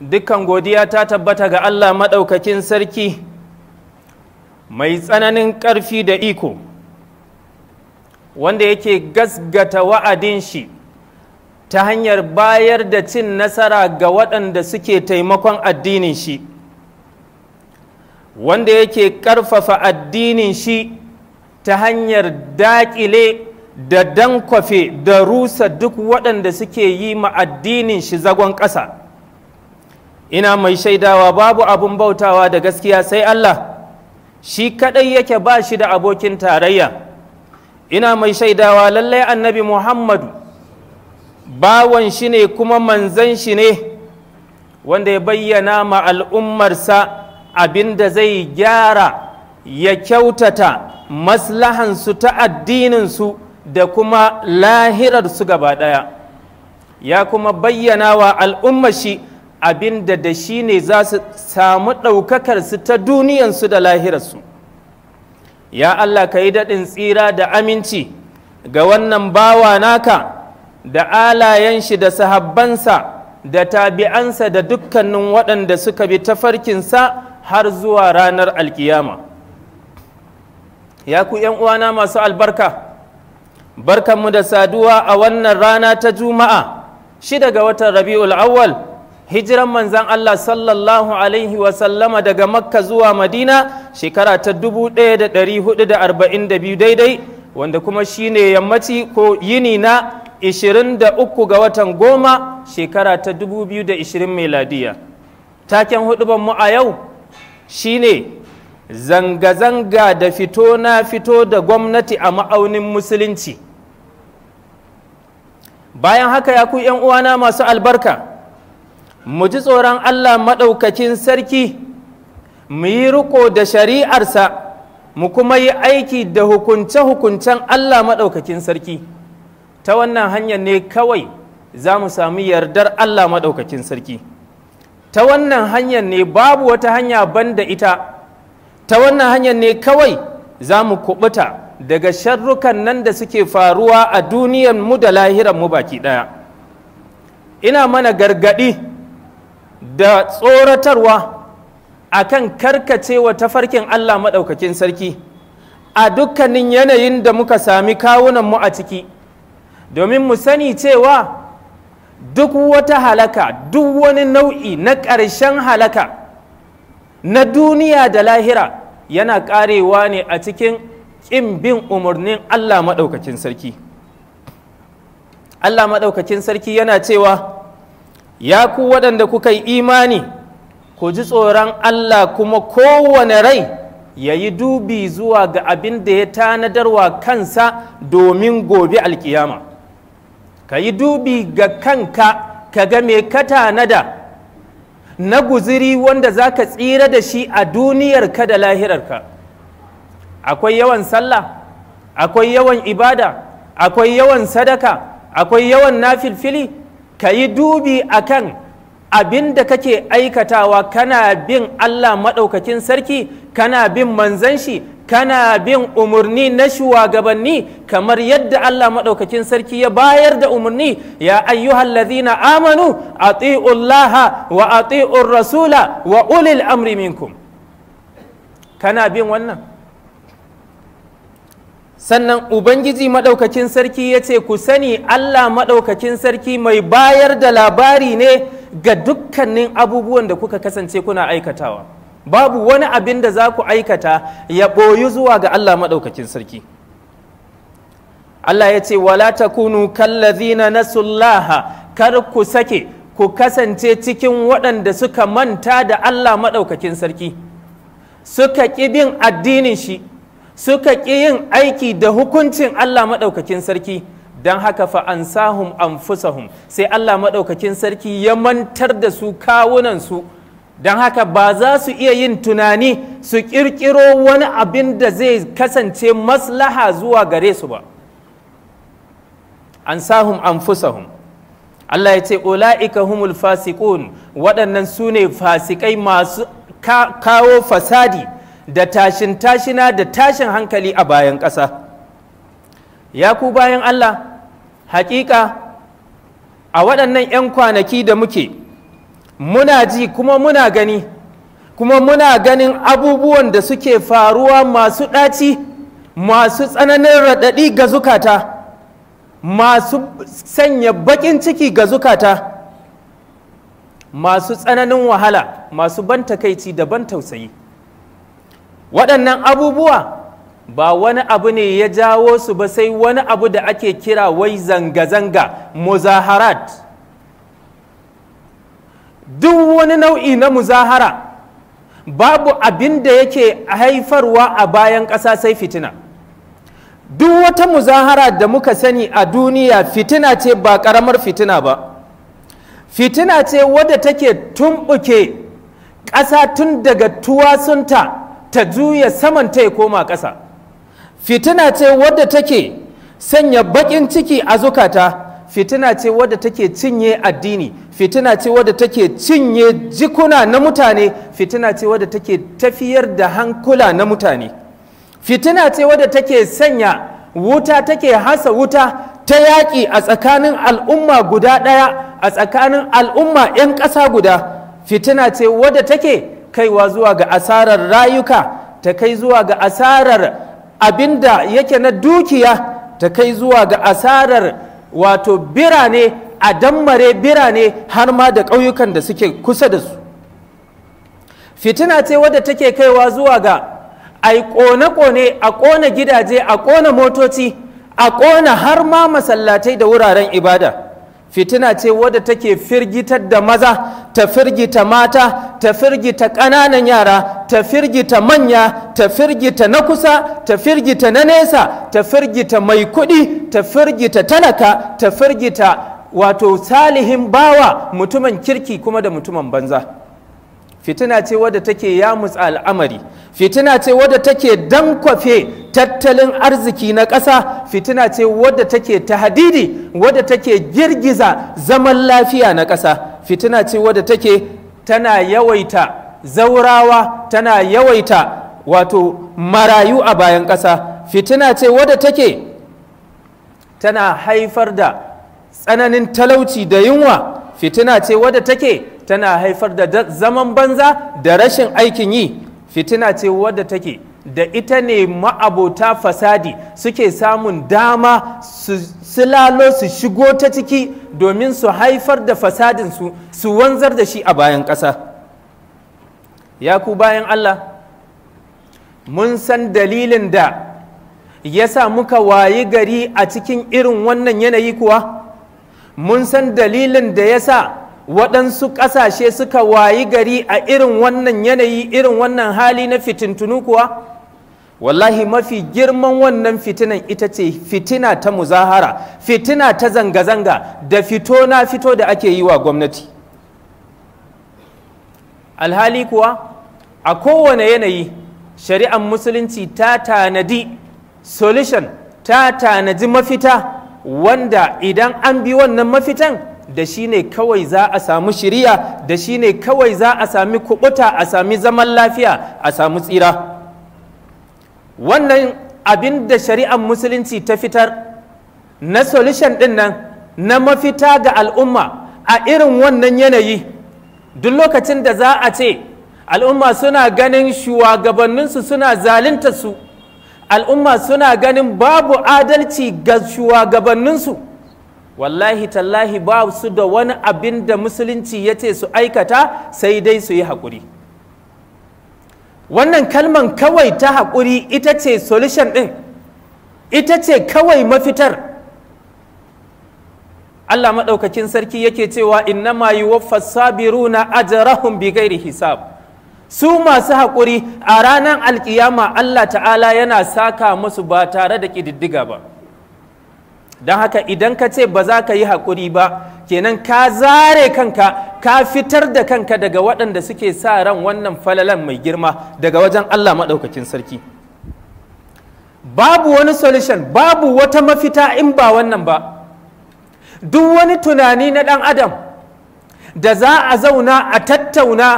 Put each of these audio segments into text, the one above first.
dukkan godiya ta tabbata ga Allah maɗaukakin sarki mai tsananin ƙarfi da iko wanda yake gasgata wa'adin shi ta hanyar bayar da cin nasara ga waɗanda suke taimakon addinin shi wanda yake ƙarfafa addinin shi ta hanyar daƙile da dankwafe da rusa duk waɗanda suke yi ma addinin shi zagon ƙasa. ina mai shaidawa babu abun bautawa da gaskiya sai Allah shi kadai yake ba shi da abokin tarayya ina mai shaidawa lallai annabi Muhammadu bawan shi ne kuma manzan shi ne wanda ya bayyana ma al'ummarsa abin da zai gyara ya kyautata maslahansu ta addininsu da kuma lahirar su gaba ɗaya ya kuma bayyana wa al'ummar shi abin da da shi ne za su samu ɗaukakarsu ta duniyansu da lahirarsu ya Allah ka yi daɗin tsira da aminci ga wannan bawa naka da alayen shi da sahabbansa da tabi'ansa da dukkanin waɗanda suka bi tafarkinsa har zuwa ranar alkiyama ya ku uwana masu albarka barkanmu da saduwa a wannan rana ta juma'a shida ga watan rabi'ul awwal hijiran manzan Allah sallallahu alaihi wasallama daga makka zuwa madina shekara ta 1442 daidai wanda kuma shi ne yammaci ko yini na 23 ga watan goma shekara ta 2020 meladiya taken mu a yau shi ne zanga-zanga da fito na fito da gwamnati a ma'aunin musulunci bayan haka ya ku uwana masu albarka mu ji tsoron Allah maɗaukakin sarki mu yi riko da shari'arsa mu kuma yi aiki da hukunce-hukuncen Allah maɗaukakin sarki ta wannan hanyar ne kawai za mu sami yardar Allah maɗaukakin sarki ta wannan hanyar ne babu wata hanya banda ita ta wannan hanyar ne kawai za mu kubuta daga sharrukan nan da suke faruwa a duniyar mu da lahirar mu baki ɗaya ina mana gargaɗi da tsoratarwa a kan karkacewa tafarkin Allah maɗaukakin sarki a dukkanin yanayin da muka sami kawunanmu a ciki domin mu sani cewa duk wata halaka duk wani nau'i na ƙarshen halaka na duniya da lahira yana ƙarewa ne a cikin ƙin bin umarnin Allah maɗaukakin sarki Allah maɗaukakin sarki yana cewa ya ku waɗanda kuka yi imani ku ji tsoron Allah kuma kowane rai ya yi dubi zuwa ga abin da ya tanadarwa kansa domin gobe alkiyama ka yi dubi ga kanka ka ga me ka tanada na guziri wanda za ka tsira da shi a duniyarka da lahirarka akwai yawan sallah akwai yawan ibada akwai yawan sadaka akwai yawan nafilfili ka yi dubi akan abin da kake aikatawa kana bin Allah maɗaukakin sarki kana bin manzan shi kana bin umarni na shugabanni kamar yadda Allah maɗaukakin sarki ya bayar da umarni ya ayyuhallazina amanu ati'ullaha wa ati'ur rasula wa ulil amri minkum kana bin wannan sannan ubangiji maɗaukakin sarki ya ce ku sani allah maɗaukakin sarki mai bayar da labari ne ga dukkanin abubuwan da kuka kasance kuna aikatawa babu wani abin da za ku aikata ya ɓoyi zuwa ga allah maɗaukakin sarki allah ya ce wala ta na kallazina nasullaha kar ku sake ku kasance cikin waɗanda suka manta da allah maɗaukakin sarki suka ƙi bin addinin shi suka ƙi yin aiki da hukuncin Allah maɗaukakin sarki don haka fa ansahum anfusahum sai Allah maɗaukakin sarki ya mantar da su kawunansu don haka ba za su iya yin tunani su ƙirƙiro wani abin da zai kasance maslaha zuwa gare su ba ansahum anfusahum Allah ya ce ula'ika humul fasikun waɗannan su ne fasikai masu kawo fasadi da tashin tashina da tashin hankali a bayan ƙasa ya ku bayan Allah hakika a waɗannan 'yan kwanaki da muke muna ji kuma muna gani kuma muna ganin abubuwan da suke faruwa masu ɗaci masu tsananin raɗaɗi ga zukata masu sanya baƙin ciki ga zukata masu tsananin wahala masu ban takaici da ban tausayi waɗannan abubuwa ba wani abu ne ya jawo su ba sai wani abu da ake kira wai zanga-zanga muzaharat duk wani nau'i na muzahara babu abin da yake haifarwa a bayan ƙasa sai fitina duk wata muzahara da muka sani a duniya fitina ce ba ƙaramar fitina ba fitina ce wadda take tumɓuke ƙasa tun daga tuwasunta ta juya saman ta ya koma ƙasa fitina ce wadda take sanya baƙin ciki a zukata fitina ce wadda take cinye addini fitina ce wadda take cinye jikuna na mutane fitina ce wadda take tafiyar da hankula na mutane fitina ce wadda take sanya wuta take hasa wuta ta yaƙi a tsakanin al'umma guda ɗaya a tsakanin al'umma 'yan ƙasa guda fitina ce wadda take kaiwa zuwa ga asarar rayuka ta kai zuwa ga asarar abinda yake na dukiya ta kai zuwa ga asarar wato birane a dammare birane har ma da ƙauyukan da suke kusa da su fitina ce wadda take kaiwa zuwa ga a ƙone-ƙone a ƙona gidaje a ƙona motoci a ƙona har ma masallatai da wuraren ibada fitina ce wadda take firgitar da maza ta firgita mata ta firgita ƙananan yara ta firgita manya ta firgita na kusa ta firgita na nesa ta firgita mai kuɗi ta firgita talaka ta firgita wato salihin bawa mutumin kirki kuma da mutumin banza fitina ce wadda take yamutsa al'amari fitina ce wadda take dankwafe tattalin arziki na ƙasa fitina ce wadda take tahadidi wadda take girgiza zaman lafiya na ƙasa fitina ce wadda take tana yawaita zaurawa tana yawaita wato marayu a bayan ƙasa fitina ce wadda take tana haifar da tsananin talauci da yunwa fitina ce wadda take tana haifar da zaman banza da rashin aikin yi fitina ce wadda take da ita ne ma'abota fasadi suke samun dama su silalo su shigo ta ciki domin su haifar da fasadinsu su wanzar da shi a bayan ƙasa ya ku bayan allah mun san dalilin da ya sa muka wayi gari a cikin irin wannan yanayi kuwa mun san dalilin da ya sa waɗansu ƙasashe suka wayi gari a irin wannan yanayi irin wannan hali na fitintunu kuwa wallahi mafi girman wannan fitinan ita ce fitina ta muzahara fitina ta zanga-zanga da fito na fito da ake yi wa gwamnati alhali kuwa a kowane yanayi shari'ar musulunci ta tanadi solution ta tanadi mafita wanda idan an bi wannan mafitan da shi ne kawai za a samu shiriya da shi ne kawai za a sami kubuta a sami zaman lafiya a samu tsira wannan abin da shari'ar musulunci ta fitar na solution din nan na mafita ga al'umma a irin wannan yanayi duk lokacin da za a ce al'umma suna ganin shugabanninsu suna zalunta su al'umma suna ganin babu adalci ga shugabanninsu wallahi tallahi ba su da wani abin da musulunci ya ce su aikata sai dai su yi haƙuri wannan kalman kawai ta haƙuri ita ce solution ɗin ita ce kawai mafitar Allah maɗaukakin sarki yake cewa innama yuwaffa sabiruna ajrahum bi ghairi hisab su masu haƙuri a ranar alkiyama Allah ta'ala yana saka musu ba tare da ƙididdiga ba don haka idan ka ce ba za ka yi haƙuri ba kenan ka zare kanka ka fitar da kanka daga waɗanda suke sa ran wannan falalan mai girma daga wajen Allah maɗaukakin sarki babu wani solution babu wata mafita in ba wannan ba duk wani tunani na ɗan adam da za a zauna a tattauna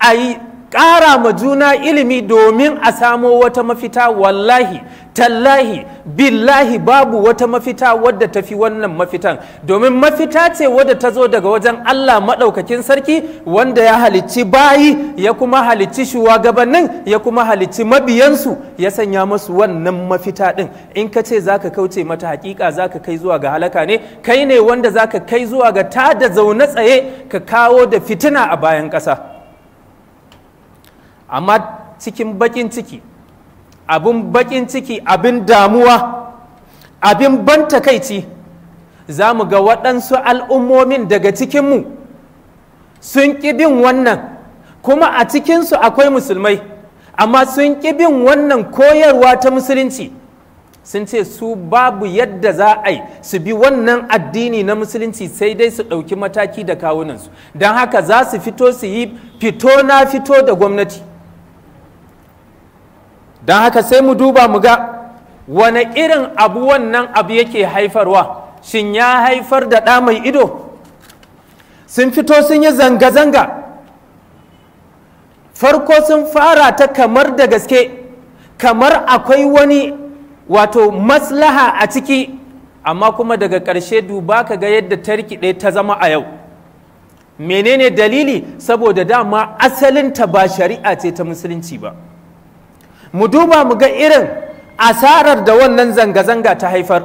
a yi ƙara ma juna ilimi domin a samo wata mafita wallahi tallahi billahi babu wata mafita wadda tafi wannan mafitan domin mafita ce wadda ta zo daga wajen Allah maɗaukakin sarki wanda ya halicci bayi ya kuma halicci shugabannin ya kuma halicci mabiyansu ya sanya masu wannan mafita ɗin in ka ce zaka kauce mata hakika zaka kai zuwa ga halaka ne kai ne wanda zaka kai zuwa ga ta da zaune tsaye ka kawo da fitina a bayan ƙasa. amma cikin bakin ciki abin bakin ciki abin damuwa abin ban takaici za mu ga waɗansu al'ummomin daga cikinmu sun ƙi bin wannan kuma a cikinsu akwai musulmai amma sun ƙi bin wannan koyarwa ta musulunci sun ce su babu yadda za a yi su bi wannan addini na musulunci sai dai su ɗauki mataki da kawunansu don haka za su fito su yi fito na fito da gwamnati. don haka sai mu duba mu ga wane irin abu wannan abu yake haifarwa shin ya haifar da ɗa mai ido sun fito sun yi zanga-zanga farko sun fara ta kamar da gaske kamar akwai wani wato maslaha a ciki amma kuma daga ƙarshe duba ka ga yadda tarkiɗe ta zama a yau menene dalili saboda dama asalinta ba shari'a ce ta musulunci ba mu duba mu ga irin asarar da wannan zanga-zanga ta haifar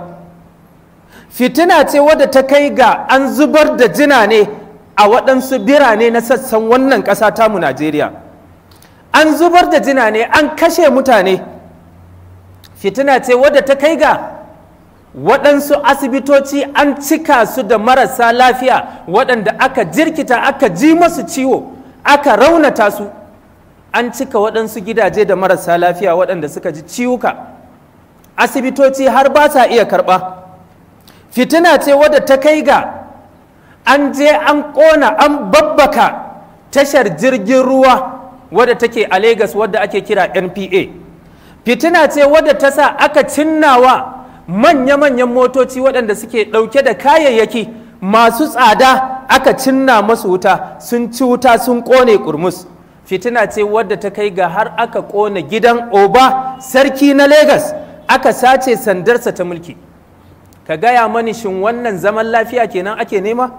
fitina ce wadda ta kai ga an zubar da jina ne a waɗansu birane na sassan wannan ƙasa tamu najeriya an zubar da jina ne an kashe mutane fitina ce wadda ta kai ga waɗansu asibitoci an cika su da marasa lafiya waɗanda aka jirkita aka ji masu ciwo aka raunata su an cika waɗansu gidaje da marasa lafiya waɗanda suka ji ciwuka asibitoci har ba sa iya karɓa fitina ce wadda ta kai ga an je an ƙona an babbaka tashar jirgin ruwa wadda take a Legas wadda ake kira NPA fitina ce wadda ta sa aka cinnawa manya-manyan motoci waɗanda suke ɗauke da kayayyaki masu tsada aka cinna masu wuta sun ci wuta sun ƙone ƙurmus fitina ce wadda ta kai ga har aka kona gidan oba sarki na Legas aka sace sandarsa ta mulki ka gaya mani shin wannan zaman lafiya kenan ake nema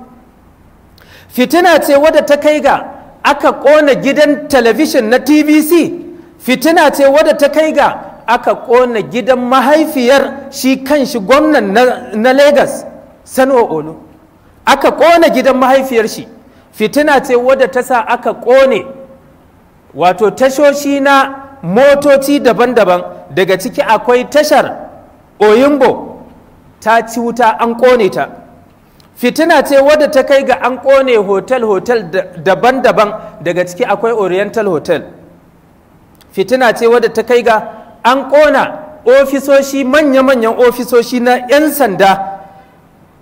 fitina ce wadda ta kai ga aka ƙona gidan talabishin na tvc fitina ce wadda ta kai ga aka ƙona gidan mahaifiyar shi kan shi gwamnan na Legas Sanwo Olu. Aka ƙona gidan mahaifiyar shi, fitina ce wadda ta sa aka ƙone wato tashoshi na motoci daban-daban daga ciki akwai tashar oyimbo ta ci wuta an ƙone ta fitina ce wadda ta kai ga an ƙone hotel-hotel daban-daban daga ciki akwai oriental hotel fitina ce wadda ta kai ga an ƙona ofisoshi manya-manyan ofisoshi na 'yan sanda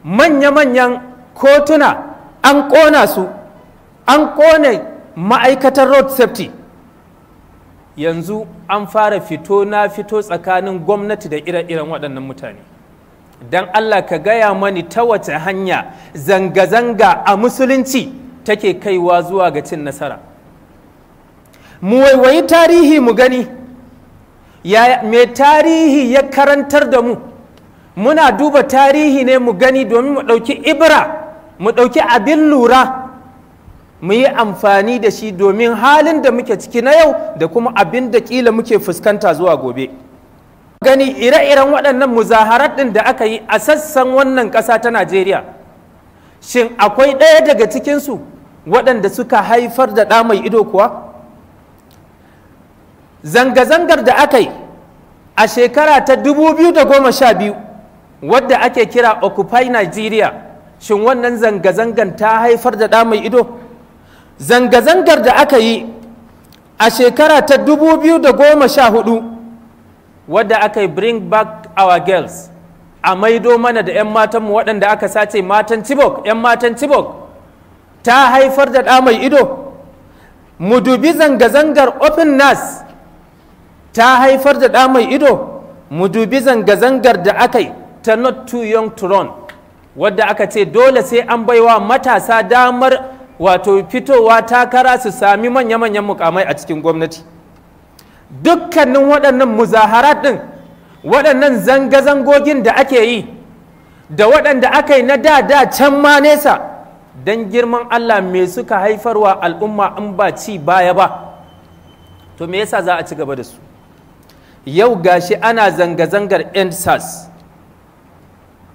manya-manyan kotuna an ƙona su an ƙone ma'aikatar road safety yanzu an fara fito na fito tsakanin gwamnati da ire-iren waɗannan mutane don allah ka gaya mani ta wace hanya zanga-zanga a musulunci take kaiwa zuwa ga cin nasara mu waiwayi tarihi mu gani mai tarihi ya karantar da mu muna duba tarihi ne mu gani domin mu ɗauki ibra mu ɗauki abin lura mu yi amfani da shi domin halin da muke ciki na yau da kuma abin da kila muke fuskanta zuwa gobe gani ire-iren waɗannan muzaharar ɗin da aka yi a sassan wannan ƙasa ta najeriya shin akwai ɗaya daga cikinsu waɗanda suka haifar da ɗa mai ido kuwa zanga-zangar da aka yi a shekara ta 2012 wadda ake kira occupy nigeria shin wannan zanga zangar ta haifar da ɗa mai ido zanga-zangar da aka yi a shekara ta 2014 wadda aka yi bring back our girls a maido mana da 'yan matanmu waɗanda aka sace matan cibok 'yan matan cibok ta haifar da ɗa mai ido mu dubi zanga-zangar open nas ta haifar da ɗa mai ido mu dubi zanga-zangar da aka yi ta not too young to run wadda aka ce dole sai an baiwa matasa damar wato fitowa takara su sami manya-manyan mukamai a cikin gwamnati dukkanin waɗannan muzaharat ɗin waɗannan zanga-zangogin da ake yi da waɗanda aka yi na da da can ma nesa don girman Allah me suka haifarwa al'umma in ba ci baya ba to me yasa za a ci gaba da su yau gashi ana zanga-zangar endsars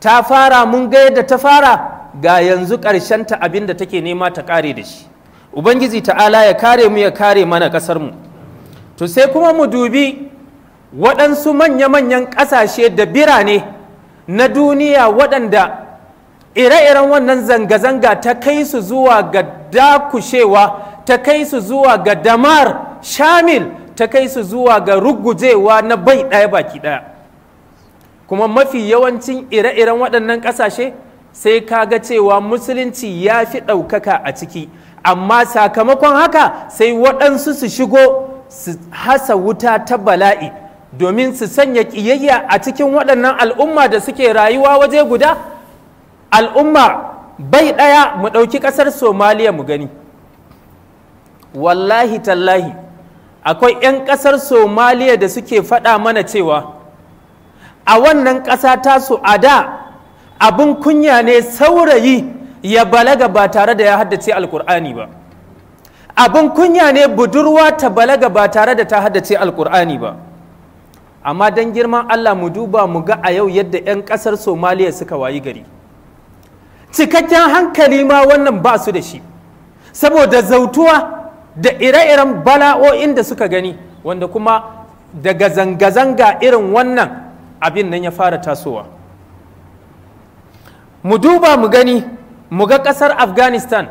ta fara mun ga yadda ta fara ga yanzu ta abin da take nema ta kare da shi ubangiji ta'ala ya kare mu ya kare mana ƙasar mu. to sai kuma mu dubi waɗansu manya-manyan ƙasashe da birane na duniya waɗanda ire-iren wannan zanga-zanga ta kai su zuwa ga dakushewa ta kai su zuwa ga damar shamil ta kai su zuwa ga rugujewa na bai ɗaya baki ɗaya kuma mafi yawancin ire-iren waɗannan ƙasashe sai ka ga cewa musulunci ya fi ɗaukaka a ciki amma sakamakon haka sai waɗansu su shigo su hasa wuta ta bala'i domin su sanya ƙiyayya a cikin waɗannan al'umma da suke rayuwa waje guda al'umma bai ɗaya mu ɗauki ƙasar somaliya mu gani wallahi tallahi akwai 'yan ƙasar somaliya da suke faɗa mana cewa a wannan ƙasa tasu a da abin kunya ne saurayi ya balaga ba tare da ya haddace alkur'ani ba abin kunya ne budurwa ta balaga ba tare da ta haddace alkur'ani ba amma don girman allah mu duba mu ga a yau yadda 'yan ƙasar somaliya suka wayi gari cikakken hankali ma wannan ba su da shi saboda zautuwa da ire-iren bala'o'in da suka gani wanda kuma daga zanga-zanga irin wannan abin nan ya fara tasowa mu duba mu gani mu ga ƙasar afghanistan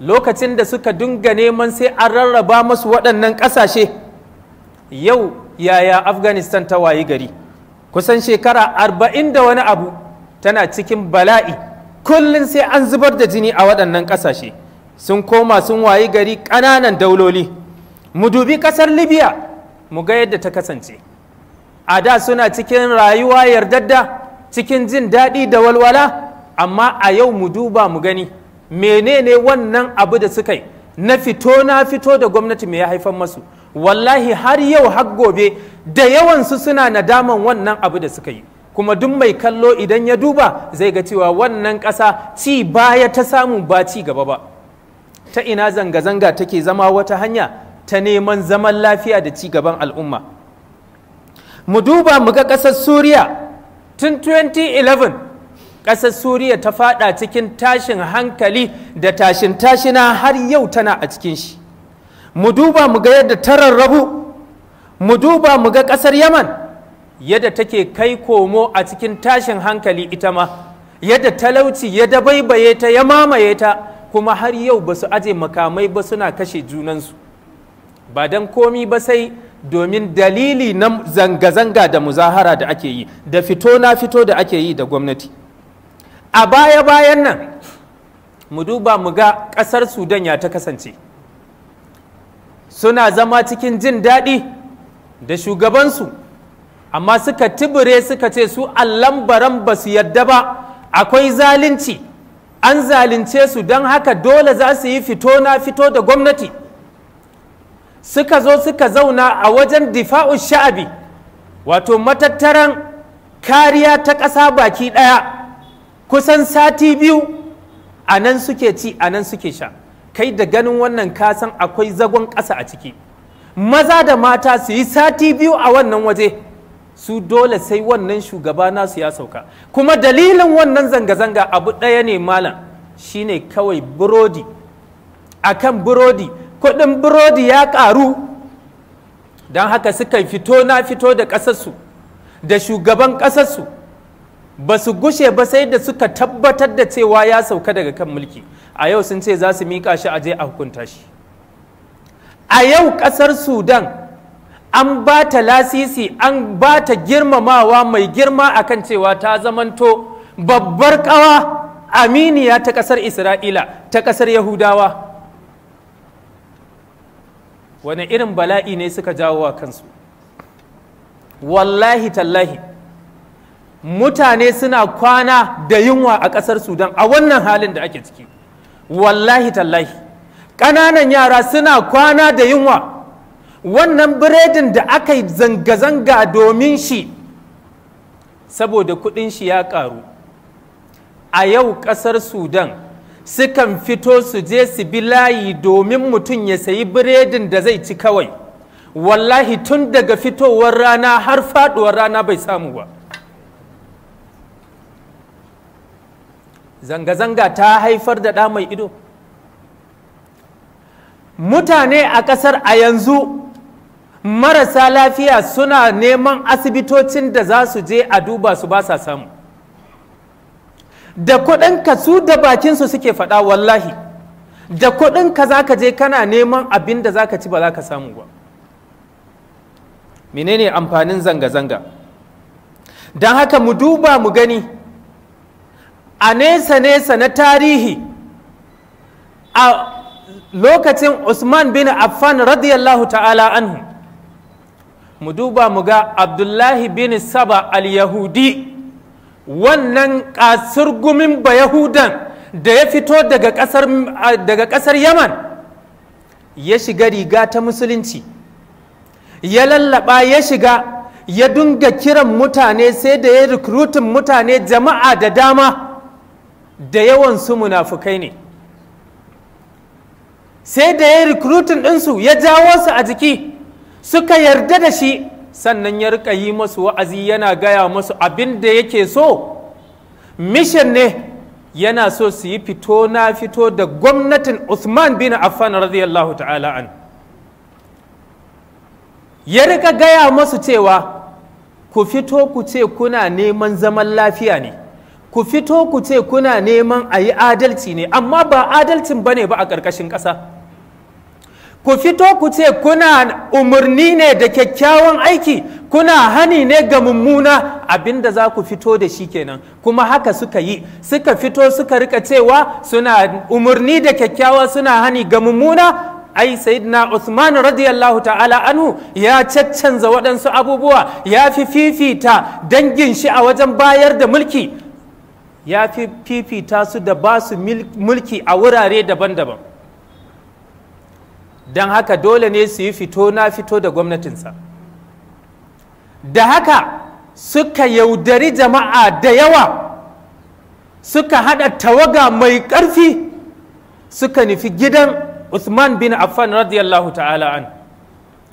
lokacin da suka dunga neman sai an rarraba masu waɗannan ƙasashe yau yaya afghanistan ta wayi gari kusan shekara arba'in da wani abu tana cikin bala'i kullum sai an zubar da jini a waɗannan ƙasashe sun koma sun wayi gari ƙananan dauloli mu dubi ƙasar libya mu ga yadda ta kasance a da suna cikin rayuwa yardadda cikin jin daɗi da walwala amma a yau mu duba mu gani menene wannan abu da suka yi na fito na fito da gwamnati mai ya haifar masu wallahi har yau har gobe da yawansu suna nadaman wannan abu da suka yi kuma duk mai kallo idan ya duba zai ga cewa wannan ƙasa ci baya ta samu ba ci gaba ba ta ina zanga-zanga take zama wata hanya ta neman zaman lafiya da ci gaban al'umma mu duba mu ga ƙasar suriya tun 2011 ƙasar suriya ta fada cikin tashin hankali da tashin tashina har yau tana a cikin shi mu duba mu ga yadda ta rarrabu mu duba mu ga ƙasar yaman yadda take kai komo a cikin tashin hankali ita ma yadda talauci ya dabaibaye ta ya mamaye ta kuma har yau ba su aje makamai ba suna kashe junansu ba don komi ba sai domin dalili na zanga-zanga da muzahara da ake yi da fito na fito da ake yi da gwamnati. a baya-bayan nan mu duba mu ga ƙasar sudan ya ta kasance suna zama cikin jin daɗi da shugabansu amma suka tibire suka ce su allan baran ba su yadda ba akwai zalunci an zalunce su don haka dole za su yi fito na fito da gwamnati suka zo suka zauna a wajen difa'un sha'abi wato matattaran kariya ta ƙasa baki ɗaya kusan sati biyu a nan suke ci a nan suke sha kai da ganin wannan kasan akwai zagon ƙasa a ciki maza da mata su yi sati biyu a wannan waje su dole sai wannan shugaba nasu ya sauka kuma dalilin wannan zanga-zanga abu ɗaya ne malam shine kawai burodi A kan burodi kuɗin burodi ya ƙaru don haka suka fito na fito da ƙasarsu da shugaban ƙasarsu ba su gushe ba sai da suka tabbatar da cewa ya sauka daga kan mulki a yau sun ce za su miƙa shi a je a hukunta shi a yau ƙasar sudan an ba ta lasisi an ba ta girmamawa mai girma a kan cewa ta zamanto babbar ƙawa aminiya ta ƙasar isra'ila ta ƙasar yahudawa wane irin bala'i ne suka jawo wa kansu wallahi tallahi mutane suna kwana da yunwa a ƙasar sudan a wannan halin da ake ciki wallahi tallahi ƙananan yara suna kwana da yunwa wannan biredin da aka yi zanga-zanga domin shi saboda kuɗin shi ya ƙaru a yau ƙasar sudan sukan fito su je su bi layi domin mutum ya sayi biredin da zai ci kawai wallahi tun daga fitowar rana har faɗuwar rana bai samu ba zanga-zanga ta haifar da ɗa mai ido mutane a ƙasar a yanzu marasa lafiya suna neman asibitocin da za su je a duba su ba sa samu da kuɗin ka su da bakinsu suke faɗa wallahi da kuɗin ka za ka je kana neman abin da za ka ci ba za ka samu ba menene amfanin zanga-zanga don haka mu duba mu gani a nesa-nesa na tarihi a lokacin usman bin affan radiyallahu ta'ala anhu mu duba mu ga abdullahi bin saba al-yahudi wannan kasurgumin ba yahudan da ya fito daga ƙasar yaman ya shiga riga ta musulunci ya lallaba ya shiga ya dunga kiran mutane sai da ya rikrutin mutane jama'a da dama da yawan su munafukai ne sai da ya rikrutin ɗinsu ya jawo su a jiki suka yarda da shi sannan ya rika yi masu wa'azi yana gaya masu abin da yake so Mishin ne yana so su yi fito na fito da gwamnatin Usman bin Affan radiyallahu ta'ala an ya rika gaya masu cewa ku fito ku ce kuna neman zaman lafiya ne ku fito ku ce kuna neman a yi adalci ne amma ba adalcin ba ne ba a ƙarƙashin ƙasa ku fito ku ce kuna umarni ne da kyakkyawan aiki kuna hani ne ga mummuna abinda za ku fito da shi kenan kuma haka suka yi suka fito suka rika cewa suna umarni da kyakkyawa suna hani ga mummuna ai sayyidina Uthman radiyallahu ta'ala anhu ya caccanza waɗansu abubuwa ya fi fifita dangin shi a wajen bayar da mulki ya fi fifita su da ba su mulki a wurare daban-daban don haka dole ne su yi fito na fito da gwamnatinsa da haka suka yaudari jama'a da yawa suka haɗa tawaga mai ƙarfi suka nufi gidan Usman bin Affan radiyallahu ta'ala an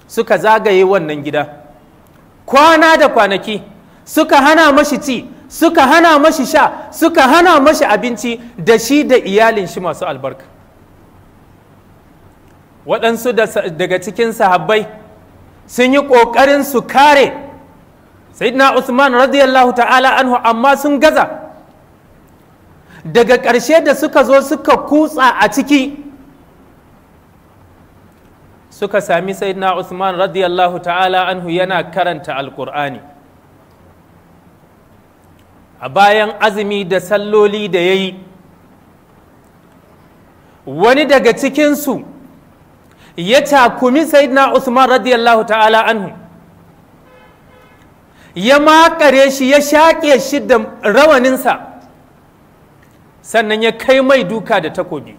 suka zagaye wannan gida kwana da kwanaki suka hana mashi ci suka hana mashi sha suka hana mashi abinci da shi da iyalin shi masu albarka waɗansu daga cikin sahabbai sun yi ƙoƙarin su kare sayyidina usman radiyallahu ta'ala anhu amma sun gaza daga ƙarshe da suka zo suka kutsa a ciki suka sami sayyidina usman radiyallahu ta'ala anhu yana karanta alƙur'ani a bayan azumi da salloli da ya yi wani daga cikinsu ya takumi sayyidina usman radiyallahu ta'ala anhu ya makare shi ya shaƙe shi da rawaninsa sannan ya kai mai duka da takobi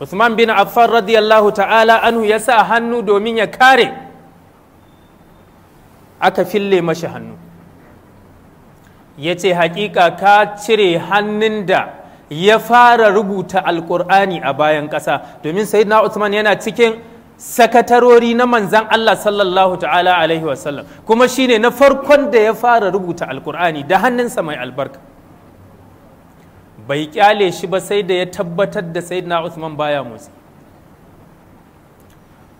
usman bin affan radiyallahu ta'ala anhu ya sa hannu domin ya kare aka fille mashi hannu ya ce haƙiƙa ka cire hannun da ya fara rubuta alƙur'ani a bayan ƙasa domin sayyidina Usman yana cikin sakatarori na manzan Allah sallallahu ta'ala alaihi wasallam kuma shine na farkon da ya fara rubuta alkur'ani da hannunsa mai albarka bai kyale shi ba sai da ya tabbatar da sayyidina Usman baya motsi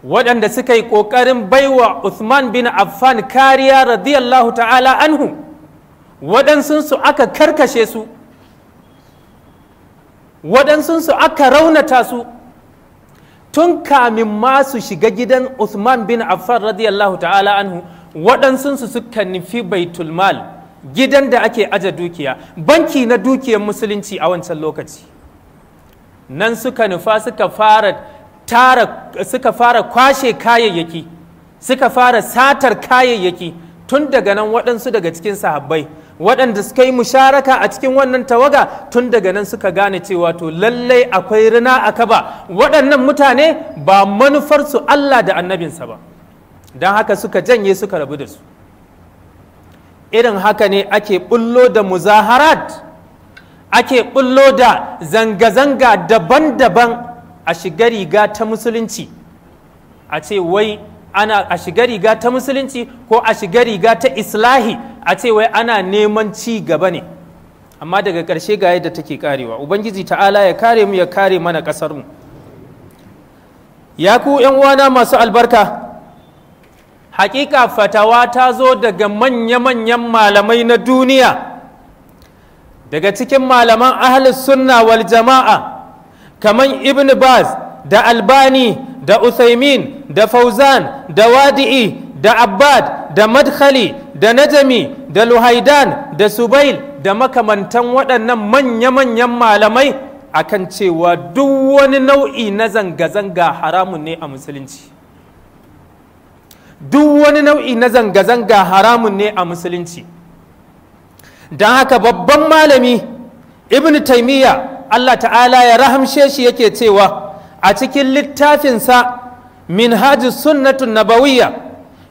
waɗanda suka yi ƙoƙarin baiwa Usman bin Affan kariya radiyallahu ta'ala anhu waɗansunsu aka karkashe su waɗansunsu aka raunata su tun kamin ma shiga gidan Usman bin Affan radiyallahu ta'ala anhu waɗansunsu suka nufi baitul mal gidan da ake aje dukiya banki na dukiyar musulunci a wancan lokaci nan suka nufa suka fara tara suka fara kwashe kayayyaki suka fara satar kayayyaki tun daga nan waɗansu daga cikin sahabbai waɗanda suka yi musharaka a cikin wannan tawaga tun daga nan suka gane cewa to lallai akwai rina a kaba waɗannan mutane ba manufarsu Allah da annabinsa ba don haka suka janye suka rabu da su irin haka ne ake bullo da muzaharat ake bullo da zanga-zanga daban-daban a shiga riga ta musulunci a ce wai ana a shiga riga ta musulunci ko a shiga riga ta islahi a ce wai ana neman ci gaba ne amma daga ƙarshe ga yadda take karewa ubangiji ta'ala ya kare mu ya kare mana ƙasar mu ya ku uwana masu albarka haƙiƙa fatawa ta zo daga manya-manyan malamai na duniya daga cikin malaman ahlus sunna wal jama'a kamar ibn baz da albani da usaimin da fauzan da wadi'i da abbad da madkhali da najami da luhaidan da subail da makamantan waɗannan manya-manyan malamai akan cewa duk wani nau'i na zanga-zanga haramun ne a musulunci duk wani nau'i na zanga-zanga haramun ne a musulunci don haka babban malami ibn taimiyya Allah ta'ala ya rahamshe shi yake cewa a cikin littafinsa minhajus sunnatun nabawiyya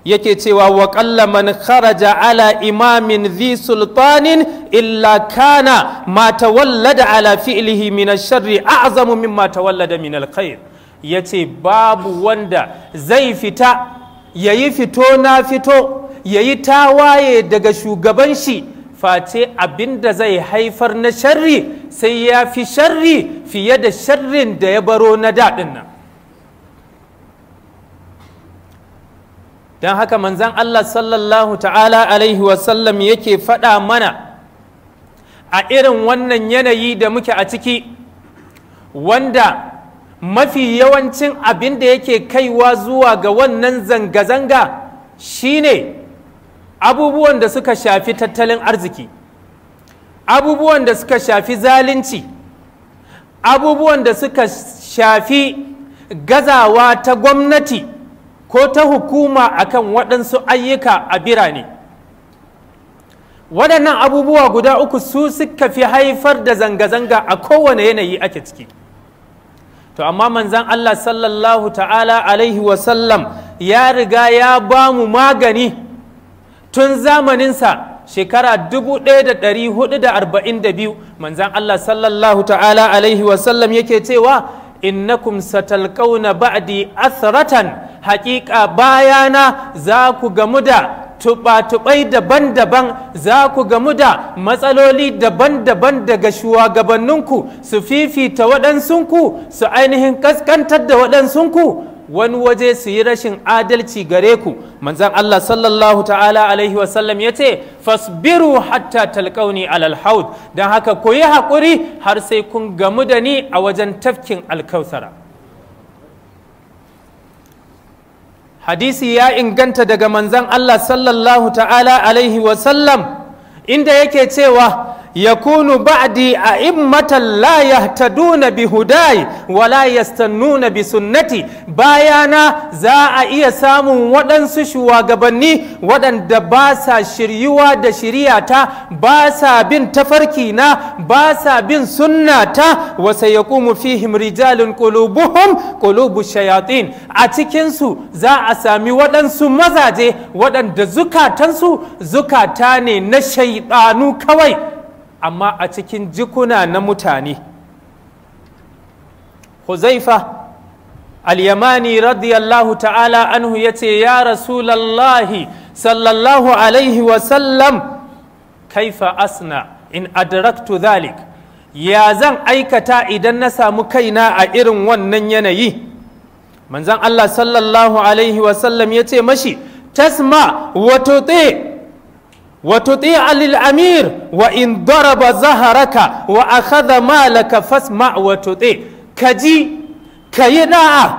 yake cewa wa ƙalla man kharaja ala imamin zi sultanin illa kana ma tawallada ala fi'lihi min sharri a'zamu mimma wallada min alkhair ya yace babu wanda zai fita yayi fito na fito yayi tawaye daga shugaban shi face abinda zai haifar na sharri sai ya fi sharri fiye da sharrin da ya baro na daɗin nan don haka manzan Allah sallallahu ta'ala alaihi wasallam yake faɗa mana a irin wannan yanayi da muke a ciki wanda mafi yawancin abin da yake kaiwa zuwa ga wannan zanga-zanga shine abubuwan da suka shafi tattalin arziki abubuwan da suka shafi zalunci abubuwan da suka shafi gazawa ta gwamnati ko ta hukuma akan waɗansu ayyuka a birane waɗannan abubuwa guda uku su suka fi haifar da zanga-zanga a kowane yanayi ake ciki to amma manzan Allah sallallahu ta'ala alaihi wasallam ya riga ya ba mu magani tun zamaninsa shekara 1442 manzan Allah sallallahu ta'ala alaihi wasallam yake cewa innakum ba'adi ba'di athratan hakika bayana za ku gamu da tuɓa-tuɓai daban-daban za ku gamu da matsaloli daban-daban daga shugabanninku su fifita waɗansunku su ainihin ƙasƙantar da waɗansunku wani waje su yi rashin adalci gare ku manzan Allah sallallahu ta'ala alaihi wasallam ya ce fasbiru hatta talƙauni alal haud don haka ku yi haƙuri har sai kun gamu da ni a wajen tafkin alkausara hadisi ya inganta daga manzan Allah sallallahu ta'ala alaihi wasallam inda yake cewa yakunu ba'di a'immatan la yahtaduna bi hudai wa la yastannuna bi sunnati bayana za a iya samun waɗansu shugabanni waɗanda ba sa shiryuwa da shiryata ba sa bin tafarki na ba sa bin sunnata wa sayaqumu fihim rijalun qulubuhum qulubu shayatin a cikin su za a sami waɗansu mazaje waɗanda zukatansu zukata ne na shaiɗanu kawai amma a cikin jikuna na mutane huzaifa al-yamani radiyallahu ta'ala anhu ya ce ya rasulallahi sallallahu alaihi wasallam kaifa asna in adraktu dhalik ya zan aikata idan na samu kaina a irin wannan yanayi manzan allah sallallahu alaihi wasallam ya ce mashi tasma wato tsaye وتطيع للأمير وإن ضرب ظهرك وأخذ مالك فاسمع وتطيع كجي كينا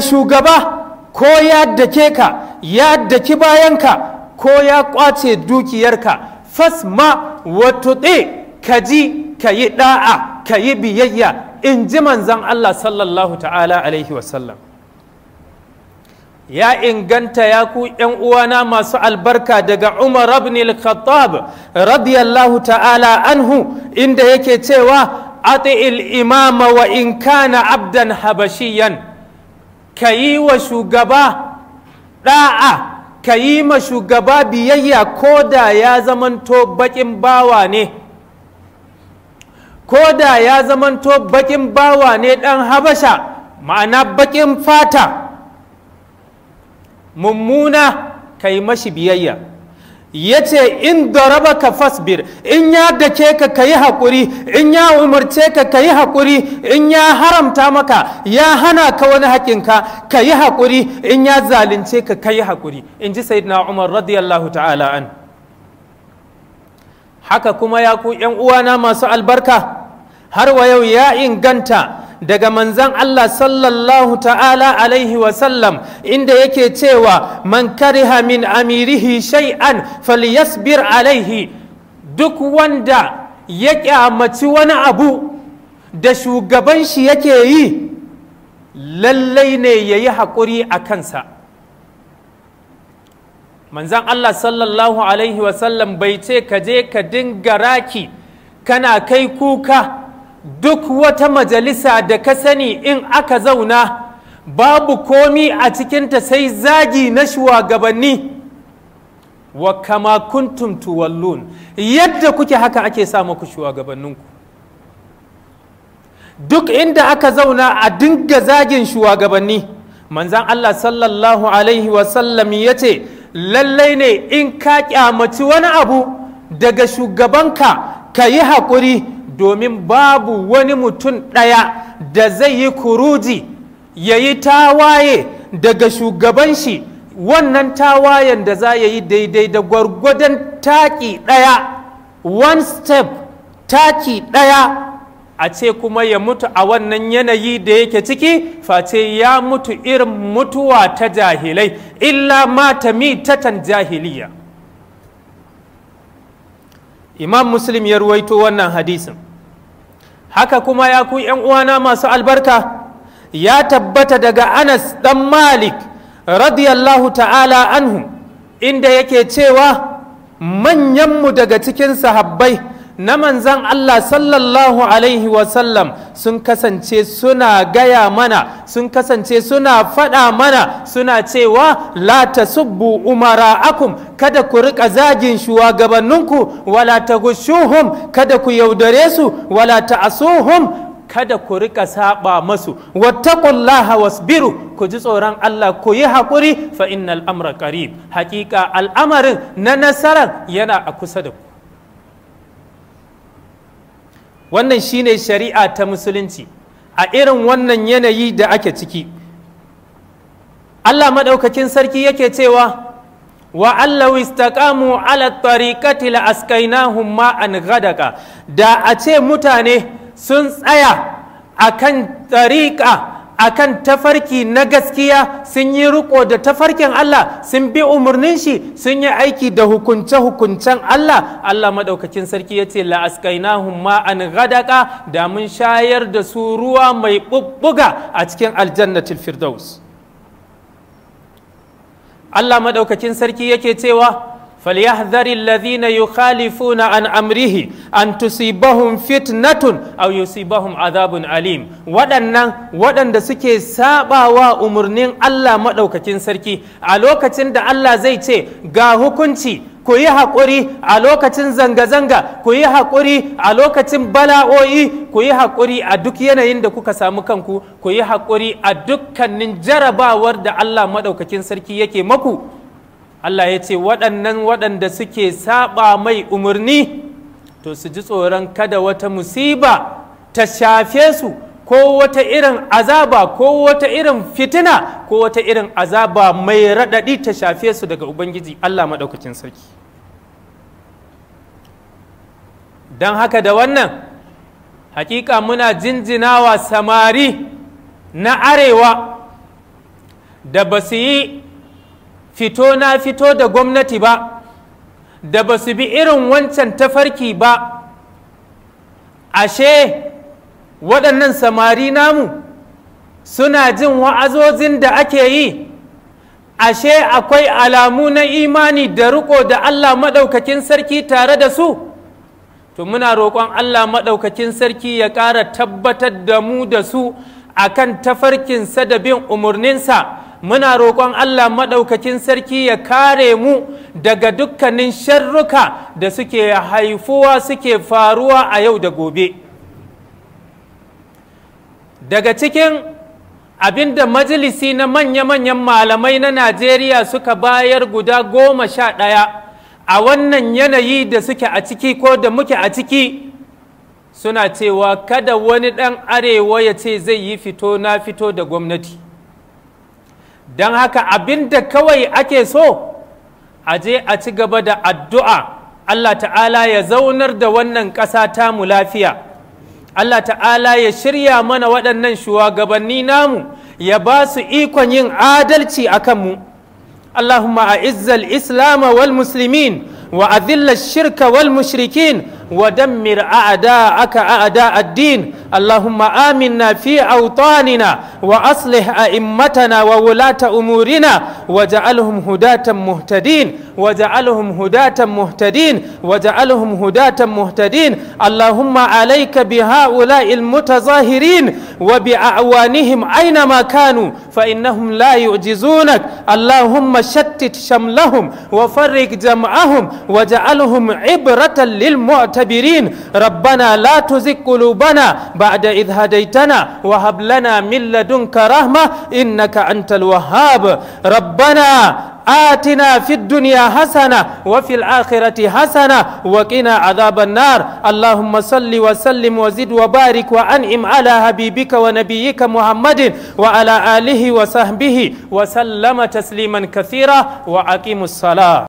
shugaba ko ya dake ka ya bayan ka ko ya kwace dukiyarka fasma watuɗe ka ji ka yi ɗa'a ka yi biyayya inji ji manzan Allah sallallahu alaihi wasallam ya inganta ya ku ‘yan uwana masu albarka daga Umar ibn al-Khattab radiyallahu ta'ala anhu inda yake cewa ati'il imama wa in kana abdan habashiyan ka yi wa shugaba ɗa'a ka yi ma shugaba biyayya ko da ya zamanto bakin bawa ne ko da ya zamanto baƙin bawa ne ɗan habasha ma'ana baƙin fata mummuna ka yi mashi biyayya ya ce in raba ka fasbir in ya dake ka ka yi haƙuri in ya umarce ka ka yi haƙuri in ya haramta maka ya hana ka wani haƙinka ka yi haƙuri in ya zalunce ka ka yi haƙuri in ji na umar radiyallahu ta'ala an haka kuma ya ku uwana masu albarka har wa yau ya inganta daga manzan Allah sallallahu ta'ala alaihi wasallam inda yake cewa man kariha min amirihi shay'an falyasbir alaihi duk wanda ya kyamaci wani abu da shugaban shi yake yi lallai ne ya yi haƙuri a kansa manzan Allah sallallahu alaihi wasallam bai ce ka je ka dinga raki kana kai kuka duk wata majalisa da ka sani in aka zauna babu komi a cikinta sai zagi na shugabanni wa kama kuntum tuwallun yadda kuke haka ake sa muku shugabanninku duk inda aka zauna a dinga zagin shugabanni manzan Allah sallallahu alaihi wasallam ya ce lallai ne in ka kyamaci wani abu daga shugabanka ka yi haƙuri domin babu wani mutum ɗaya da zai yi kuruji ya yi tawaye daga shugaban shi wannan tawayen da za ya yi daidai da gwargwadon taki ɗaya one step taki ɗaya a ce kuma ya mutu a wannan yanayi da yake ciki face ya mutu irin mutuwa ta jahilai illa mata mitatan jahiliya imam muslim ya ruwaito wannan hadisin haka kuma ya ku ‘yan uwana masu albarka ya tabbata daga anas ɗan malik radiyallahu ta'ala anhu inda yake cewa manyanmu daga cikin sahabbai na manzan Allah sallallahu alaihi wasallam sun kasance suna gaya mana sun kasance suna faɗa mana suna cewa la subbu umara akum kada ku riƙa zagin shugabanninku wala ta gushuhum kada ku yaudare su wala ta asuhum kada ku rika saba masu wattaqullaha wasbiru ku ji tsoron Allah ku yi haƙuri fa innal amra qarib haƙiƙa al'amarin na nasarar yana a kusa da ku wannan shine shari'a ta musulunci a irin wannan yanayi da ake ciki Allah maɗaukakin sarki yake cewa wa Allah istaqamu ala tariqati la askainahum ma'an ghadaka da a ce mutane sun tsaya a kan tariqa akan tafarki na gaskiya sun yi riko da tafarkin Allah sun bi umarnin shi sun yi aiki da hukunce hukuncen Allah Allah madaukakin sarki yace la askainahum an ghadaka da mun shayar da su ruwa mai bubbuga a cikin aljannatul firdaus Allah madaukakin sarki yake cewa فليحذر الذين يخالفون an أمره أن fitnatun فتنة أو يصيبهم عذاب أليم waɗannan waɗanda suke sabawa umarnin Allah maɗaukakin sarki a lokacin da Allah zai ce ga hukunci ku yi haƙuri a lokacin zanga-zanga ku yi haƙuri a lokacin bala'o'i ku yi haƙuri a duk yanayin da kuka samu kanku ku yi haƙuri a dukkanin jarabawar da Allah maɗaukakin sarki yake maku Allah ya ce waɗannan waɗanda suke saba mai umarni to su ji tsoron kada wata musiba ta shafe su ko wata irin azaba ko wata irin fitina ko wata irin azaba mai raɗaɗi ta shafe su daga Ubangiji Allah maɗaukacin sarki don haka da wannan hakika muna jinjinawa samari na arewa da ba su yi fito na fito da gwamnati ba da ba su bi irin wancan tafarki ba ashe waɗannan samari namu suna jin wa'azozin da ake yi ashe akwai alamu na imani da riko da Allah maɗaukakin sarki tare da su to muna roƙon Allah maɗaukakin sarki ya ƙara tabbatar da mu da su akan tafarkinsa da bin umarninsa muna roƙon Allah maɗaukakin sarki ya kare mu daga dukkanin sharruka da suke haifuwa suke faruwa a yau da gobe daga cikin abin da majalisi na manya-manyan malamai na Najeriya suka bayar guda goma sha ɗaya a wannan yanayi da suke a ciki ko da muke a ciki suna cewa kada wani ɗan arewa ya ce zai yi fito na fito da gwamnati don haka abinda kawai ake so a je a ci gaba da addu'a Allah ta'ala ya zaunar da wannan ƙasa tamu lafiya Allah ta'ala ya shirya mana waɗannan shugabanni namu ya ba su ikon yin adalci a kanmu Allahumma a izzal islama wal muslimin wa azilla shirka wal mushrikin ودمر أعداءك أعداء الدين اللهم آمنا في أوطاننا وأصلح أئمتنا وولاة أمورنا وجعلهم هداة مهتدين وجعلهم هداة مهتدين وجعلهم هداة مهتدين اللهم عليك بهؤلاء المتظاهرين وبأعوانهم أينما كانوا فإنهم لا يعجزونك اللهم شتت شملهم وفرق جمعهم وجعلهم عبرة للمعتدين معتبرين ربنا لا تزغ قلوبنا بعد إذ هديتنا وهب لنا من لدنك رحمة إنك أنت الوهاب ربنا آتنا في الدنيا حسنة وفي الآخرة حسنة وقنا عذاب النار اللهم صل وسلم وزد وبارك وأنعم على حبيبك ونبيك محمد وعلى آله وصحبه وسلم تسليما كثيرا وأقيموا الصلاة